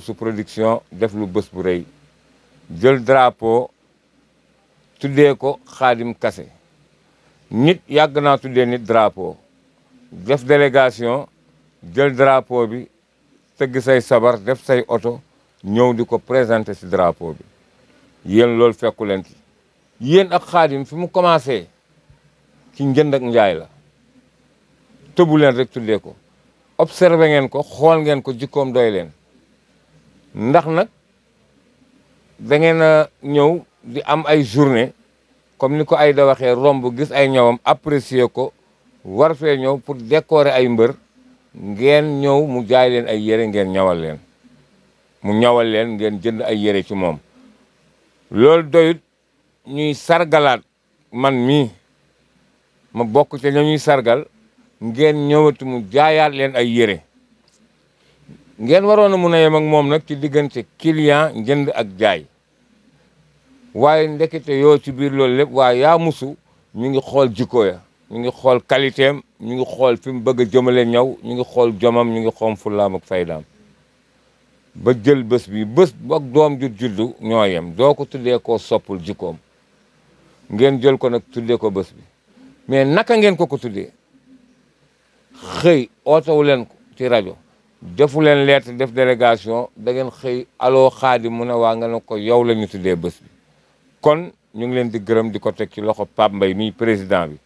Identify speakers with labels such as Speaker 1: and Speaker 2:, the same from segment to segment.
Speaker 1: su production def lu bés bu rëy jël drapeau tuddee ko Xaadim Kase nit yàgg naa tuddee nit drapeau def délégation jël drapeau bi tëgg say sabar def say oto ñëw di ko présenté ci drapeau bi yéen loolu fekku leen ci yéen ak Xaadim fi mu commencé ci njënd ak njaay la tëbu leen rek tuddee ko observé ngeen ko xool ngeen ko jikkoom doy leen ndax nag da ngeen a ñëw di am ay journée comme ni ko ay da romb gis ay ñawam apprécier ko war fee ñëw pour décorer ay mbër ngeen ñëw mu jaay leen ay yére ngeen ñawal leen mu ñawal leen ngeen jënd ay yére ci moom loolu doyut ñuy sargalaat man mii ma bokk ca ña ñuy sargal ngeen ñëwati mu jaayaat leen ay yére ngeen waroon a mun a yem ak moom nag ci diggante client njënd ak jaay waaye ndekete yoo ci biir loolu lépp waaye yaa musu ñu ngi xool jikko ya ñu ngi xool qualité am ñu ngi xool fi mu bëgg a jëmale ñaw ñu ngi xool jomam ñu ngi xoom fulaam ak faydaam ba jël bés bi bës bok doom ju juddu ñoo yem doo ko tuddee koo soppul jikkoom ngeen jël ko nag tuddee ko bës bi mais naka ngeen ko ko tuddee xëy ootawu leen ko ci rajo defu leen lettre def délégation da ngeen xëy aloo xaadi mu ne waa nga ko yow la ñu tuddee bës bi kon ñu ngi leen di gërëm di ko teg ci loxo Pape mbay mii président bi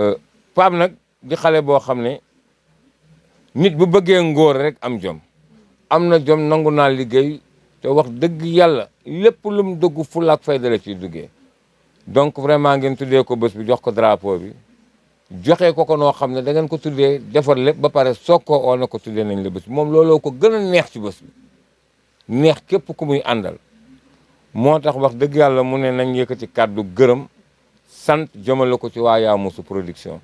Speaker 1: euh, Pape nag di xale boo xam ne nit bu bëggee ngóor rek am jom am na jom nangu naa liggéey te wax dëgg yàlla lépp lu mu dugg fulla ak fayda la ciy duggee donc vraiment ngeen tuddee ko bës bi jox ko drapeau bi joxe ko ko noo xam ne dangeen ko tuddee defar lépp ba pare soog ko oo na ko tuddee nañ la bés moom looloo ko gën neex ci bés bi neex képp ku muy àndal moo tax wax dëgg yàlla mu ne nañ yëkkati kàddu gërëm sant jëmale ko ci waa su production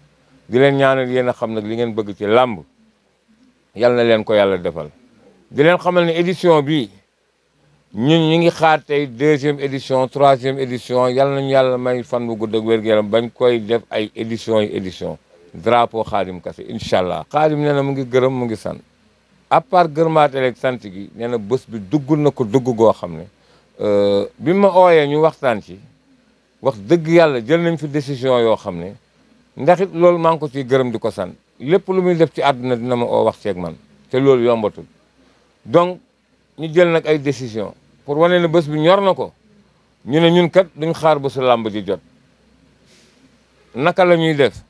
Speaker 1: di leen ñaanal yéen a xam nag li ngeen bëgg ci làmb yal na leen ko yàlla defal di leen xamal ne édition bi ñun ñu ngi xaar tey deuxième édition troisième édition yàlla nañu yàlla may fan bu gudd ak wér-gu-yaram bañ koy def ay édition yi édition drapo Khadim Kassé incha allah. Khadim nee na mu ngi gërëm mu ngi san à part gërëmaate rek sant gi nee na bés bi dugg na ko dugg goo xam ne euh, bi ma ooyee ñu waxtaan ci wax dëgg yàlla jël nañ fi décision yoo xam ne ndax it loolu maa ngi ko ciy gërëm di ko sant lépp lu muy def ci àdduna dina ma oo wax ceeg man te loolu yombatul donc ñu jël nag ay décision pour wane ne bés bi ñor na ko ñu ne ñun kat duñ xaar bésu làmb ji jot naka la ñuy def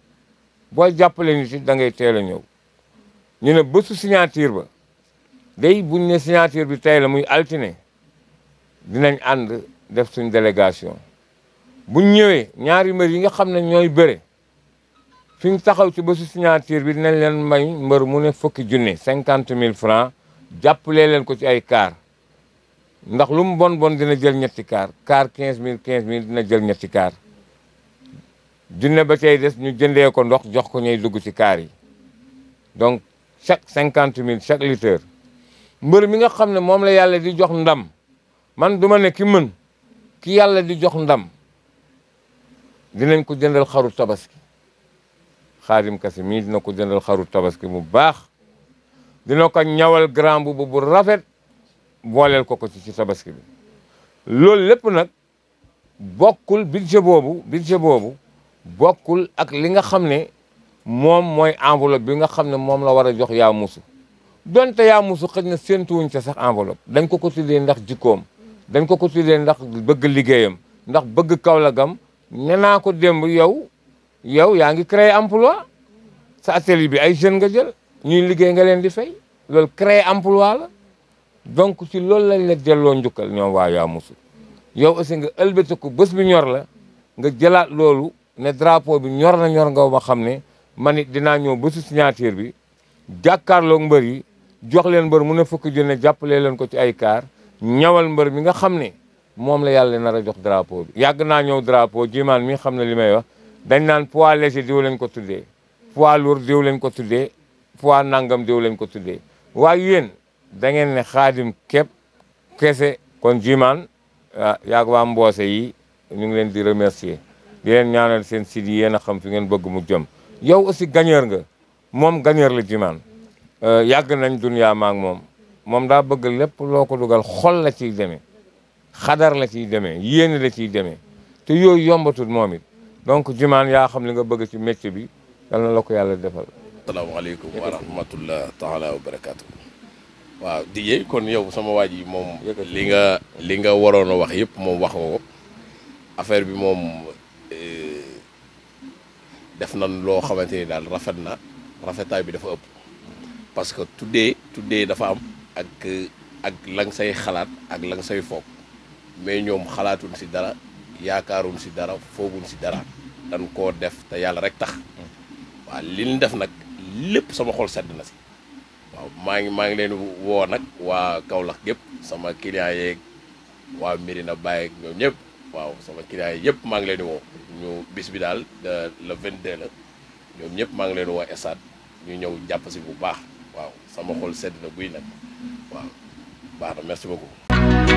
Speaker 1: boo jàppale nit it da ngay teel a ñëw ñu ne bésu signature ba day buñ ne signature bi tey la muy altine dinañ ànd def suñ délégation buñ ñëwee ñaari mbër yi nga xam ne ñooy bëre suñ taxaw ci bësu signature bi dinañ leen may mbër mu ne fukki junne cinquante mille francs jàppale leen ko ci ay kaar ndax lu mu bon bon dina jël ñetti kaar kaar quinze mille quinze mille dina jël ñetti kaar junne ba tey des ñu jëndee ko ndox jox ko ñuy dugg ci kaar yi donc chaque cinquante mille chaque litre mbër mi nga xam ne moom la yàlla di jox ndam man duma ne ki mën ki yàlla di jox ndam dinañ ko jëndal xaru tabaski xaadim kasi mii dina ko jëndal xaru tabaski mu baax dina ko ñawal grand bubu bu rafet booleel ko ko ci ci tabaski bi loolu lépp nag bokkul budget boobu budget boobu bokkul ak li nga xam ne moom mooy enveloppe bi nga xam ne moom la war a jox yaa musu donte yaa musu xëj na séentuwuñ ca sax enveloppe dañ ko ko tuddee ndax jikkoom dañ ko ko tuddee ndax bëgg liggéeyam ndax bëgg kawlagam ne naa ko démb yow yow yaa ngi créer emploi sa atelier bi ay jeunes nga jël ñuy liggéey nga leen di fay loolu créer emploi la donc ci loolu lañ la delloo njukkal ñoom waa Yamoussou yow aussi nga ko bés bi ñor la nga jëlaat loolu ne drapo bi ñor na ñor nga ba xam ne man it dinaa ñëw bésu signature bi jàkkaarlook mbër yi jox leen mbër mu ne fukki junne jàppale leen ko ci ay kaar ñawal mbër mi nga xam ne moom la yàlla nar a jox drapo bi yàgg naa ñëw drapo jimaan mi xam ne li may wax dañ naan poids léger diw leen ko tuddee poids lourd diw leen ko tuddee poids nangam diw leen ko tuddee da ngeen ne xaadim képp kese kon jimaan yaag waa mboose yi ñu ngi leen di remercier di leen ñaanal seen sit yi yéen a xam fi ngeen bëgg mu jëm yow aussi gagneur nga moom gagneur la jimaan yàgg nañ dunyaa maag moom moom daa bëgg lépp loo ko dugal xol la ciy demee xadar la ciy demee yéene la ciy demee te yooyu yombatul moom it donc jimaan yaa xam li nga bëgg ci métier bi yal na la ko yàlla
Speaker 2: defal asalaamaaleykum wa rahmatullah taala wa barakatu waaw DJ kon yow sama waa yi moom li nga li nga waroon a wax yëpp moom wax ko affaire bi moom euh, def na loo xamante ni daal rafet na rafetaay bi dafa ëpp parce que tuddee tuddee dafa am ak ak lang say xalaat ak lang say foog mais ñoom xalaatuñ si dara yaakaaruñ si dara fooguñ si dara dañ koo def te yàlla rek tax mm. waaw li ñu def nag lépp sama xol sedd na si waaw maa ngi maa ngi leen woo nag waa Kaolack gépp sama client yeeg waa Médina Baye ak ñoom ñëpp waaw sama client yi yëpp maa ngi leen woo ñu bis bi daal le 22 la ñoom ñëpp maa ngi leen woo estade ñu ñëw jàppasi bu baax waaw sama xol sedd na guy nag waaw baax na merci beaucoup